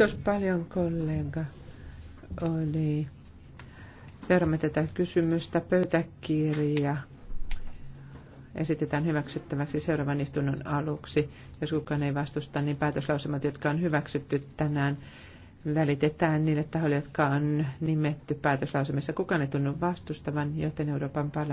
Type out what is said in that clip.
Kiitos paljon kollega. Oli. Seuraamme tätä kysymystä. Pöytäkirja esitetään hyväksyttäväksi seuraavan istunnon aluksi. Jos kukaan ei vastusta, niin päätöslausumat jotka on hyväksytty tänään, välitetään niille tahoille, jotka on nimetty päätöslausemissa. Kukaan ei tunnu vastustavan, joten Euroopan parlamentti